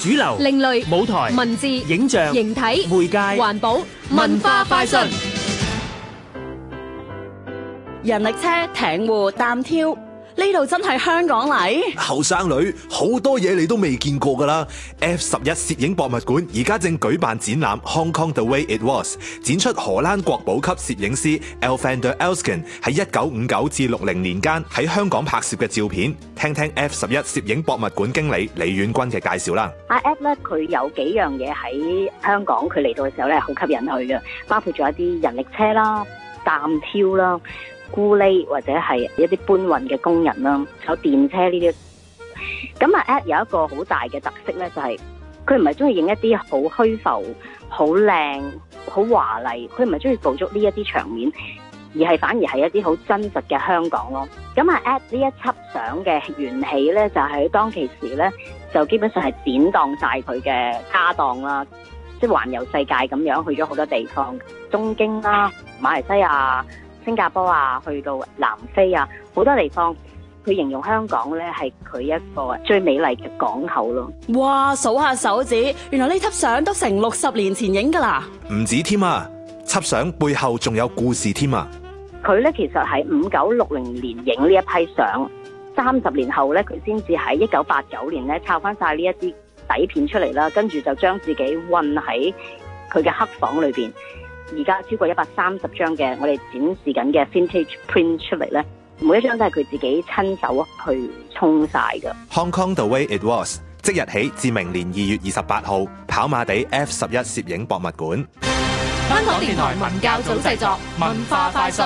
主流、另類、舞台、文字、影像、形體、媒介、環保、文化、快訊、人力車、艇戶、單挑。呢度真係香港嚟！後生女好多嘢你都未見過㗎啦！F 十一攝影博物館而家正舉辦展覽《Hong Kong The Way It Was》，展出荷蘭國寶級攝影師 Ed van der Elsken 喺一九五九至六零年間喺香港拍攝嘅照片。聽聽 F 十一攝影博物館經理李遠君嘅介紹啦。阿 F 咧，佢有幾樣嘢喺香港佢嚟到嘅時候咧，好吸引佢嘅，包括咗一啲人力車啦。暗挑啦，咕哩或者係一啲搬運嘅工人啦，坐電車呢啲。咁啊，At 有一個好大嘅特色呢，就係佢唔係中意影一啲好虛浮、好靚、好華麗，佢唔係中意捕捉呢一啲場面，而係反而係一啲好真實嘅香港咯。咁啊，At 呢一輯相嘅緣起呢，就係、是、當其時呢，就基本上係典當晒佢嘅家當啦。即係環遊世界咁樣去咗好多地方，東京啦、馬來西亞、新加坡啊，去到南非啊，好多地方。佢形容香港咧係佢一個最美麗嘅港口咯。哇，數下手指，原來呢輯相都成六十年前影噶啦。唔止添啊，輯相背後仲有故事添啊。佢咧其實喺五九六零年影呢一批相，三十年後咧佢先至喺一九八九年咧抄翻晒呢一啲。底片出嚟啦，跟住就將自己韫喺佢嘅黑房裏邊。而家超過一百三十張嘅我哋展示緊嘅 vintage print 出嚟咧，每一張都係佢自己親手去沖晒嘅。Hong Kong the way it was，即日起至明年二月二十八號，跑馬地 F 十一攝影博物館。香港電台文教組製作，文化快訊。